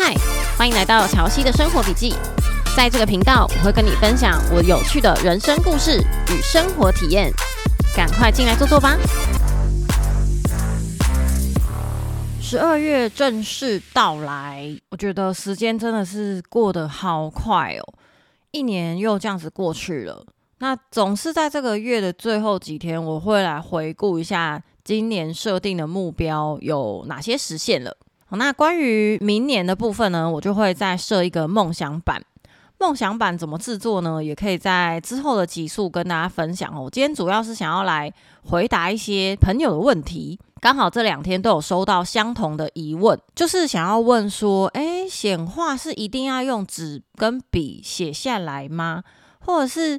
嗨，Hi, 歡迎來到蕎希的生活筆記。在這個頻道，我會跟你分享我有趣的人生故事與生活體驗。趕快進來坐坐吧！十二月正式到來，我覺得時間真的是過得好快哦，一年又這樣子過去了。那總是在這個月的最後幾天，我會來回顧一下今年設定的目標有哪些實現了。好，那關於明年的部分呢，我就會再設一個夢想版。夢想版怎麼制作呢？也可以在之後的集數跟大家分享哦。今天主要是想要來回答一些朋友的問題，剛好這兩天都有收到相同的疑問，就是想要問說：哎，顯化是一定要用紙跟筆寫下來嗎？或者是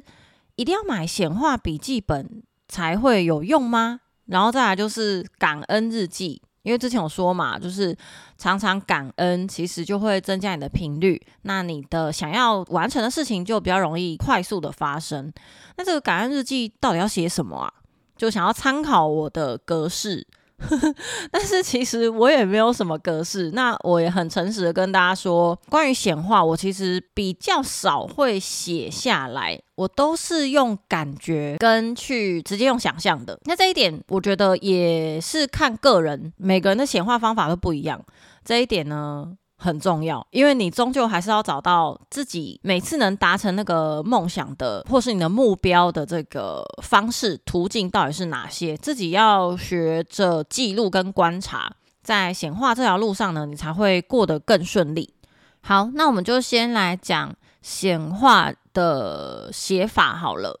一定要買顯化筆記本才會有用嗎？然後再來就是感恩日記。因為之前有說嘛，就是常常感恩，其實就會增加你的頻率，那你的想要完成的事情就比較容易快速的發生。那這個感恩日記到底要寫什麼啊？就想要參考我的格式。 但是其實我也沒有什麼格式，那我也很誠實的跟大家說，關於顯化，我其實比較少會寫下來，我都是用感覺跟去直接用想象的。那這一點我覺得也是看個人，每個人的顯化方法都不一樣。這一點呢，很重要，因為你終究還是要找到自己每次能達成那個夢想的，或是你的目標的這個方式途徑到底是哪些，自己要學着記錄跟觀察，在顯化這條路上呢，你才會過得更順利。好，那我們就先來講顯化的寫法好了。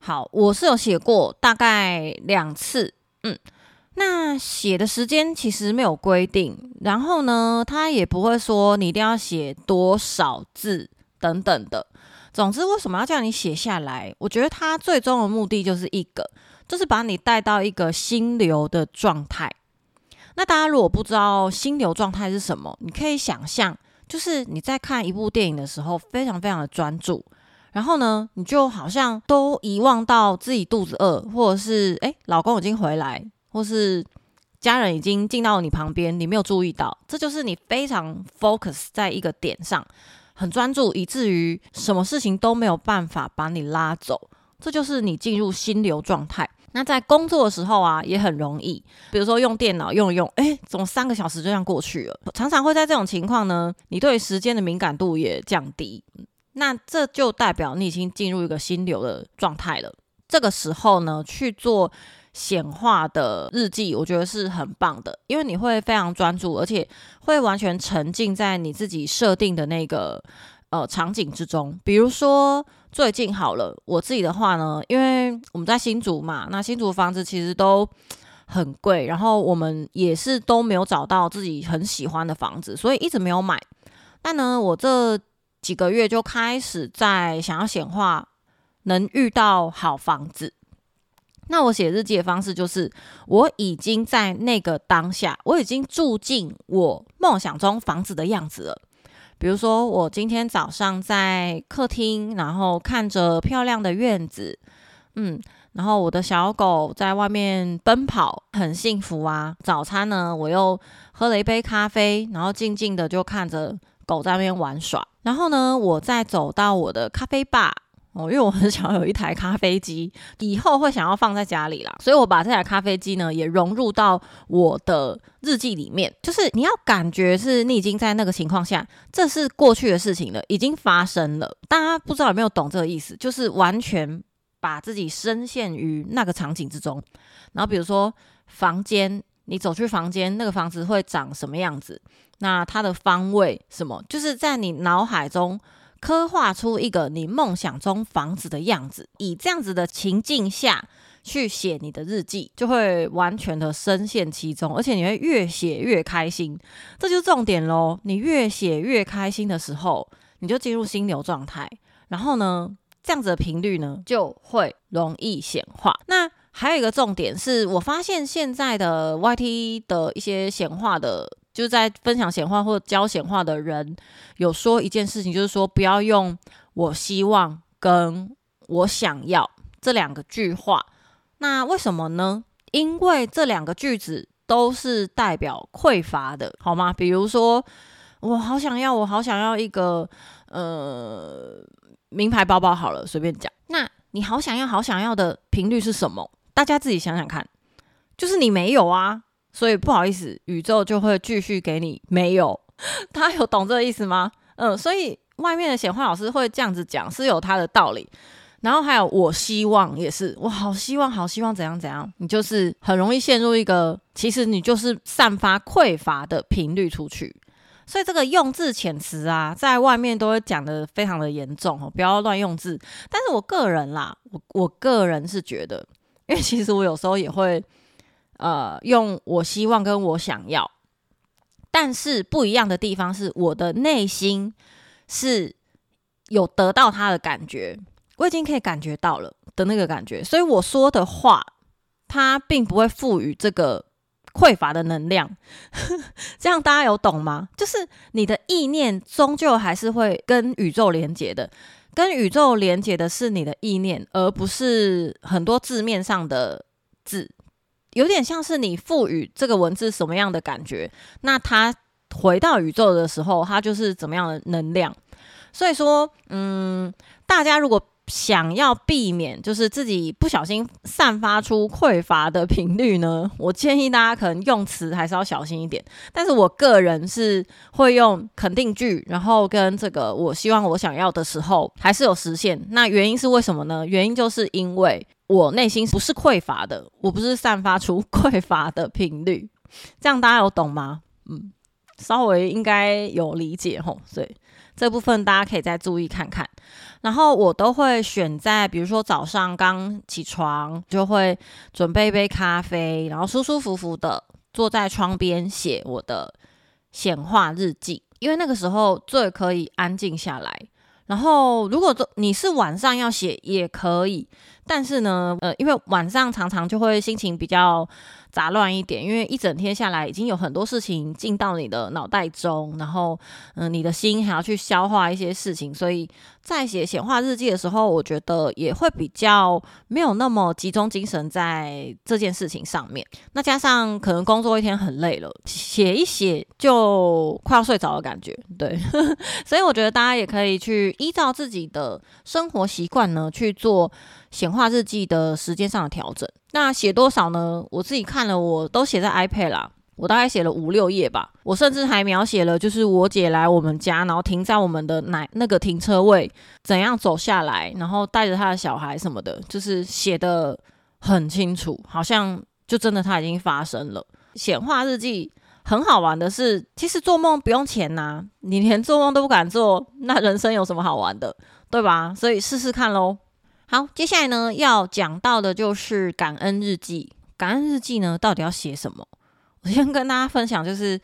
好，我是有寫過大概兩次，嗯。那寫的時間其實沒有規定，然後呢，他也不會說你一定要寫多少字等等的。總之，為什麼要叫你寫下來？我覺得他最終的目的就是一個，就是把你帶到一個心流的狀態。那大家如果不知道心流狀態是什麼，你可以想象，就是你在看一部電影的時候，非常非常的專注，然後呢，你就好像都遺忘到自己肚子餓，或者是哎，老公已經回來。或是家人已經進到了你旁邊，你沒有注意到，這就是你非常 focus 在一個點上，很專注，以至於什麼事情都沒有辦法把你拉走，這就是你進入心流狀態。那在工作的時候啊，也很容易，比如說用電腦用一用，哎，怎麼三個小時就這樣過去了？常常會在這種情況呢，你對於時間的敏感度也降低，那這就代表你已經進入一個心流的狀態了。這個時候呢，去做。顯化的日記，我覺得是很棒的，因為你會非常專注，而且會完全沉浸在你自己設定的那個呃場景之中。比如說最近好了，我自己的話呢，因為我們在新竹嘛，那新竹房子其實都很貴，然後我們也是都沒有找到自己很喜歡的房子，所以一直沒有買。但呢，我這幾個月就開始在想要顯化，能遇到好房子。那我寫日記的方式就是，我已經在那個當下，我已經住進我夢想中房子的樣子了。比如說，我今天早上在客廳，然後看着漂亮的院子，嗯，然後我的小狗在外面奔跑，很幸福啊。早餐呢，我又喝了一杯咖啡，然後靜靜的就看着狗在那邊玩耍。然後呢，我再走到我的咖啡吧。哦，因為我很想要有一台咖啡機，以後會想要放在家裡啦，所以我把這台咖啡機呢也融入到我的日記裡面。就是你要感覺是你已經在那個情況下，這是過去的事情了，已經發生了。大家不知道有沒有懂這個意思？就是完全把自己深陷於那個場景之中。然後比如說房間，你走去房間，那個房子會長什麼樣子？那它的方位什麼？就是在你腦海中。刻畫出一個你夢想中房子的樣子，以這樣子的情境下去寫你的日記，就會完全的深陷其中，而且你會越寫越開心，這就是重點嘍。你越寫越開心的時候，你就進入心流狀態，然後呢，這樣子的頻率呢就會容易顯化。那還有一個重點是，我發現現在的 YT 的一些顯化的。就在分享顯化或教顯化的人有說一件事情，就是說不要用“我希望”跟我想要這兩個句話。那為什麼呢？因為這兩個句子都是代表匱乏的，好嗎？比如說，我好想要，我好想要一個呃名牌包包。好了，隨便講。那你好想要、好想要的頻率是什麼？大家自己想想看，就是你沒有啊。所以不好意思，宇宙就會繼續給你沒有。大家有懂這個意思嗎？嗯，所以外面的顯化老師會這樣子講是有他的道理。然後還有，我希望也是，我好希望，好希望怎樣怎樣，你就是很容易陷入一個，其實你就是散發匱乏的頻率出去。所以這個用字遣詞啊，在外面都會講得非常的嚴重哦，不要亂用字。但是我個人啦，我我個人是覺得，因為其實我有時候也會。呃，用我希望跟我想要，但是不一樣的地方是，我的內心是有得到它的感覺，我已經可以感覺到了的那個感覺，所以我說的話，它並不會賦予這個匱乏的能量。 這樣大家有懂嗎？就是你的意念終究還是會跟宇宙連接的，跟宇宙連接的是你的意念，而不是很多字面上的字。有點像是你賦予這個文字什麼樣的感覺，那它回到宇宙的時候，它就是怎麼樣的能量。所以說，嗯，大家如果想要避免就是自己不小心散發出匱乏的頻率呢，我建議大家可能用詞還是要小心一點。但是我個人是會用肯定句，然後跟這個我希望我想要的時候還是有實現。那原因是為什麼呢？原因就是因為。我內心不是匱乏的，我不是散發出匱乏的頻率，這樣大家有懂嗎？嗯，稍微應該有理解吼。所以這部分大家可以再注意看看。然後我都會選在，比如說早上剛起床，就會準備一杯咖啡，然後舒舒服服的坐在窗邊寫我的顯化日記，因為那個時候最可以安靜下來。然後，如果你是晚上要寫，也可以。但是呢，呃，因為晚上常常就會心情比較雜亂一點，因為一整天下來已經有很多事情進到你的腦袋中，然後，嗯、呃，你的心還要去消化一些事情，所以在寫顯化日記的時候，我覺得也會比較沒有那麼集中精神在這件事情上面。那加上可能工作一天很累了，寫一寫就快要睡着的感覺，對。 所以我覺得大家也可以去依照自己的生活習慣呢去做，顯化日記的時間上的調整，那寫多少呢？我自己看了，我都寫在 iPad 啦，我大概寫了五六頁吧。我甚至還描寫了，就是我姐來我們家，然後停在我們的奶那個停車位，怎樣走下來，然後帶着她的小孩什麼的，就是寫得很清楚，好像就真的它已經發生了。顯化日記很好玩的是，其實做夢不用錢吶、啊，你連做夢都不敢做，那人生有什麼好玩的，對吧？所以試試看嘍。好，接下來呢，要講到的就是感恩日記。感恩日記呢，到底要寫什麼？我先跟大家分享，就是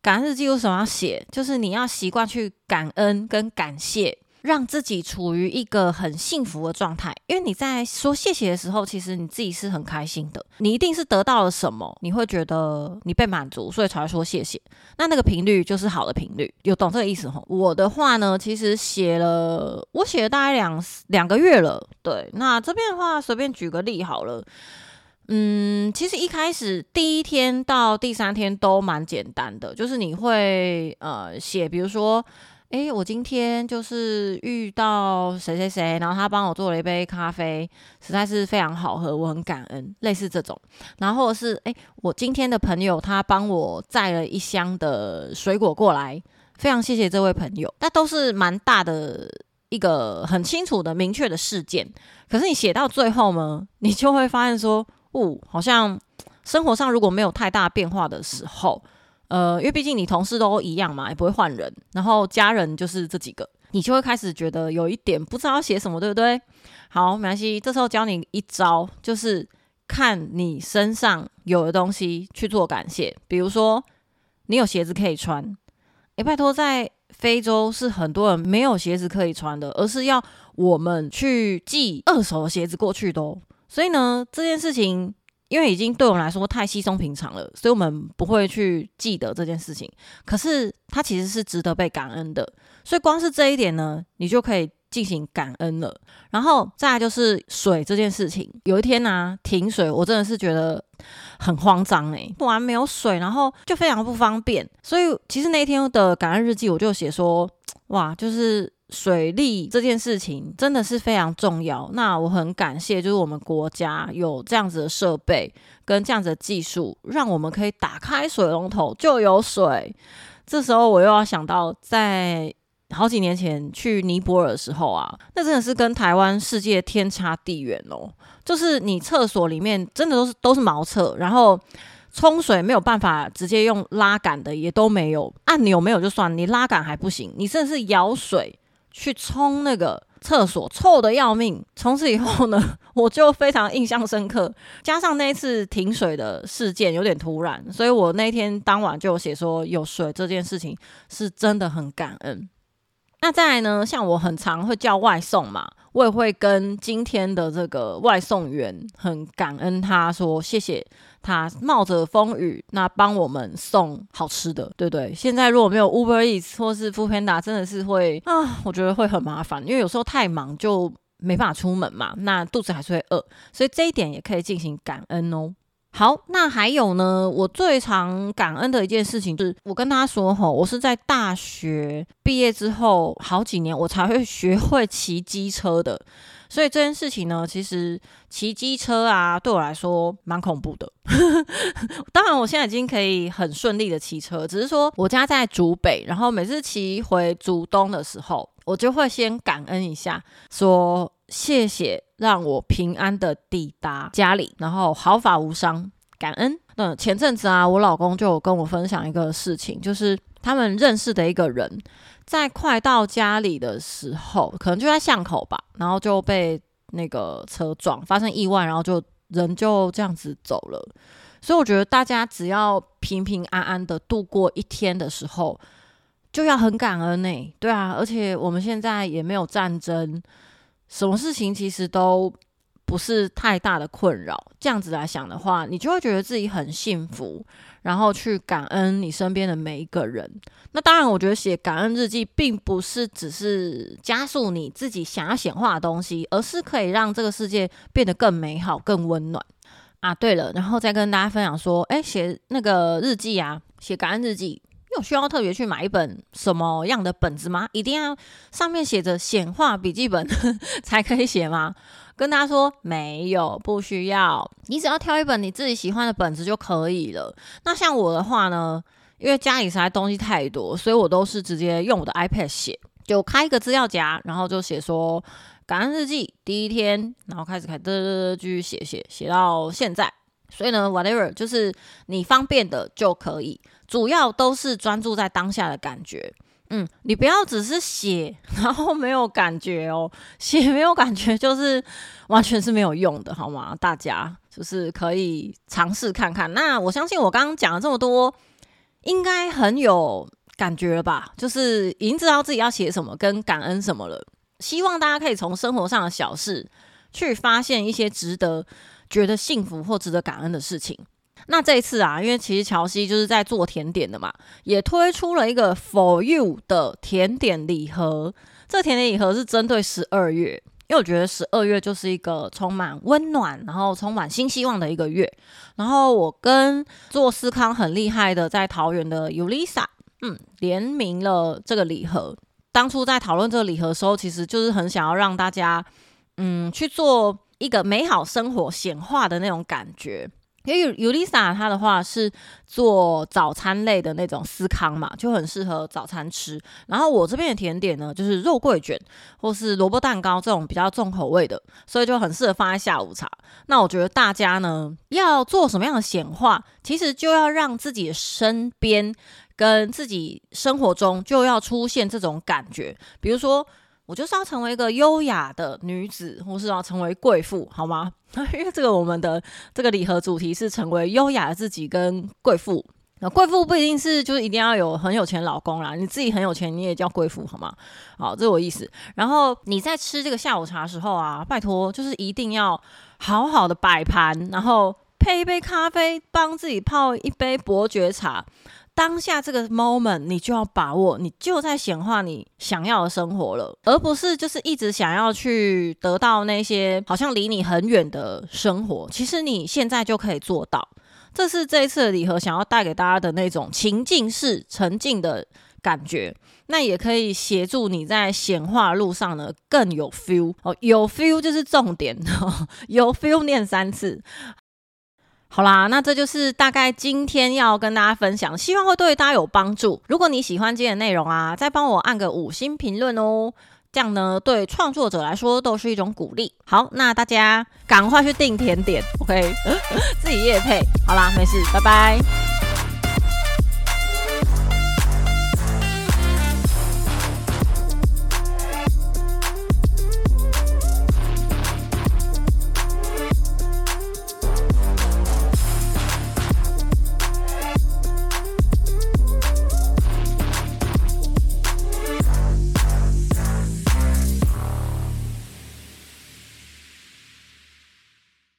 感恩日記為什麼要寫，就是你要習慣去感恩跟感謝。讓自己處於一個很幸福的狀態，因為你在說謝謝的時候，其實你自己是很開心的。你一定是得到了什麼，你會覺得你被滿足，所以才說謝謝。那那個頻率就是好的頻率，有懂這個意思吼？我的話呢，其實寫了，我寫了大概兩兩個月了。對，那這邊的話，隨便舉個例好了。嗯，其實一開始第一天到第三天都蠻簡單的，就是你會呃寫，比如說。誒，我今天就是遇到誰誰誰，然後他幫我做了一杯咖啡，實在是非常好喝，我很感恩，類似這種。然後是誒，我今天的朋友他幫我載了一箱的水果過來，非常謝謝這位朋友。但都是蠻大的一個很清楚的明確的事件。可是你寫到最後呢，你就會發現說，哦，好像生活上如果沒有太大變化的時候。呃，因為畢竟你同事都一樣嘛，也不會換人。然後家人就是這幾個，你就會開始覺得有一點不知道寫什麼，對不對？好，沒關係，這時候教你一招，就是看你身上有的東西去做感謝。比如說，你有鞋子可以穿，哎、欸，拜託，在非洲是很多人沒有鞋子可以穿的，而是要我們去寄二手的鞋子過去的，喔。所以呢，這件事情。因為已經對我們來說太稀鬆平常了，所以我們不會去記得這件事情。可是它其實是值得被感恩的，所以光是這一點呢，你就可以進行感恩了。然後再來就是水這件事情，有一天呢、啊、停水，我真的是覺得很慌張哎、欸，不然沒有水，然後就非常不方便。所以其實那一天的感恩日記，我就寫說，哇，就是。水利這件事情真的是非常重要，那我很感謝，就是我們國家有這樣子的設備跟這樣子的技術，讓我們可以打開水龍頭就有水。這時候我又要想到，在好幾年前去尼泊爾的時候啊，那真的是跟台灣世界天差地遠哦。就是你廁所裡面真的都是都是茅廁，然後沖水沒有辦法直接用拉桿的也都沒有，按鈕沒有就算，你拉桿還不行，你甚至是舀水，去沖那個廁所，臭得要命。從此以後呢，我就非常印象深刻。加上那次停水的事件有點突然，所以我那天當晚就寫說有水這件事情是真的很感恩。那再來呢，像我很常會叫外送嘛，我也會跟今天的這個外送員很感恩他說謝謝。他冒着風雨，那幫我們送好吃的，對不對？現在如果沒有 Uber Eats 或是 Foodpanda，真的是會啊，我覺得會很麻煩，因為有時候太忙就沒辦法出門嘛，那肚子還是會餓，所以這一點也可以進行感恩哦。好，那還有呢，我最常感恩的一件事情就是，我跟大家說吼，我是在大學畢業之後好幾年，我才會學會騎機車的。所以這件事情呢，其實騎機車啊，對我來說蠻恐怖的。 當然，我現在已經可以很順利的騎車，只是說我家在竹北，然後每次騎回竹東的時候，我就會先感恩一下，說謝謝讓我平安的抵達家裡，然後毫髮無傷，感恩。那前陣子啊，我老公就有跟我分享一個事情，就是，他們認識的一個人，在快到家裡的時候，可能就在巷口吧，然後就被那個車撞，發生意外，然後就人就這樣子走了。所以我覺得大家只要平平安安的度過一天的時候，就要很感恩呢。對啊，而且我們現在也沒有戰爭，什麼事情其實都不是太大的困擾。這樣子來想的話，你就會覺得自己很幸福。然後去感恩你身邊的每一個人。那當然，我覺得寫感恩日記，並不是只是加速你自己想要顯化的東西，而是可以讓這個世界變得更美好、更溫暖啊！對了，然後再跟大家分享說，哎，寫那個日記啊，寫感恩日記。有需要特別去買一本什麼樣的本子嗎？一定要上面寫着顯化筆記本 才可以寫嗎？跟大家說，沒有，不需要。你只要挑一本你自己喜歡的本子就可以了。那像我的話呢，因為家裡實在東西太多，所以我都是直接用我的 iPad 寫，就開一個資料夾，然後就寫說感恩日記第一天，然後開始開，嘚嘚嘚繼續寫寫寫到現在。所以呢，whatever，就是你方便的就可以，主要都是專注在當下的感覺。嗯，你不要只是寫，然後沒有感覺哦，寫沒有感覺就是完全是沒有用的，好嗎？大家就是可以嘗試看看。那我相信我剛剛講了這麼多，應該很有感覺了吧？就是已經知道自己要寫什麼跟感恩什麼了。希望大家可以從生活上的小事去發現一些值得。覺得幸福或值得感恩的事情。那這一次啊，因為其實蕎希就是在做甜點的嘛，也推出了一個 For You 的甜點禮盒。這甜點禮盒是針對十二月，因為我覺得十二月就是一個充滿溫暖，然後充滿新希望的一個月。然後我跟做司康很厲害的在桃園的 Ulisa，嗯，聯名了這個禮盒。當初在討論這個禮盒的時候，其實就是很想要讓大家，嗯，去做。一個美好生活顯化的那種感覺，因為尤麗莎她的話是做早餐類的那種司康嘛，就很適合早餐吃。然後我這邊的甜點呢，就是肉桂卷或是蘿蔔蛋糕這種比較重口味的，所以就很適合放在下午茶。那我覺得大家呢要做什麼樣的顯化，其實就要讓自己的身邊跟自己生活中就要出現這種感覺，比如說。我就是要成為一個優雅的女子，或是要成為貴婦，好嗎？ 因為這個我們的這個禮盒主題是成為優雅的自己跟貴婦。那貴婦不一定是就是一定要有很有錢的老公啦，你自己很有錢你也叫貴婦，好嗎？好，這是我意思。然後你在吃這個下午茶的時候啊，拜託，就是一定要好好的擺盤，然後配一杯咖啡，幫自己泡一杯伯爵茶。當下這個 moment，你就要把握，你就在顯化你想要的生活了，而不是就是一直想要去得到那些好像離你很遠的生活。其實你現在就可以做到，這是這一次的禮盒想要帶給大家的那種情境式沉浸的感覺。那也可以協助你在顯化路上呢，更有 feel，哦，有 feel 就是重點，有 feel 唸三次。好啦，那這就是大概今天要跟大家分享，希望會對大家有幫助。如果你喜歡今天的內容啊，再幫我按個五星評論哦，這樣呢對創作者來說都是一種鼓勵。好，那大家趕快去訂甜點，OK？ 自己業配，好啦，沒事，拜拜。